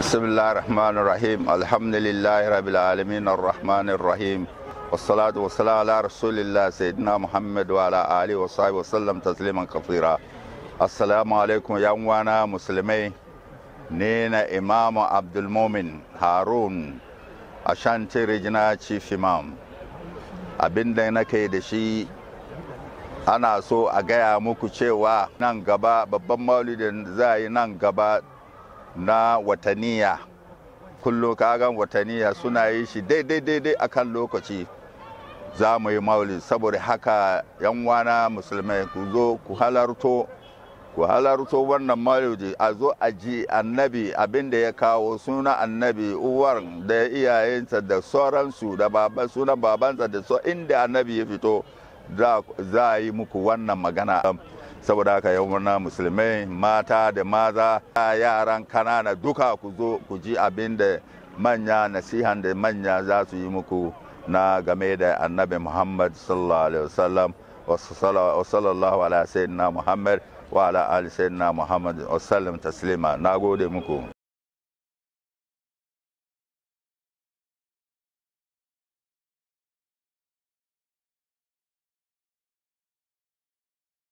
بسم الله الرحمن الرحيم الحمد لله رب العالمين الرحمن الرحيم والصلاة والسلام على رسول الله سيدنا محمد وعلى آله وصحبه وسلم تسليما كثيرا السلام عليكم يا وانا مسلمي نينا إمام عبد المؤمن هارون chief imam abinda nake da shi ana so a gaya muku cewa nan gaba babban maulidin za a yi nan gaba na wataniya kullum kagan wataniya suna yi shi daidai daidai kan lokaci za mu yi maulid saboda haka yan wana musulmai ku zo ku halarto ku halarto wannan mauli a zo a ji annabi abinda ya kawo suna annabi uwar da iyayensa da sauransu da baban suna babansa da so inda annabi ya fito za a yi muku wannan magana saboda haka yau murna musulmai mata da maza yaran kanana duka ku zo ku ji abin da manya nasihan da manya za su yi muku na game da annabi muhammad sallallahu alaihi wasallam wa sallallahu ala sayyidina muhammad wa ala ali sayyidina muhammad wa sallam taslima nagode muku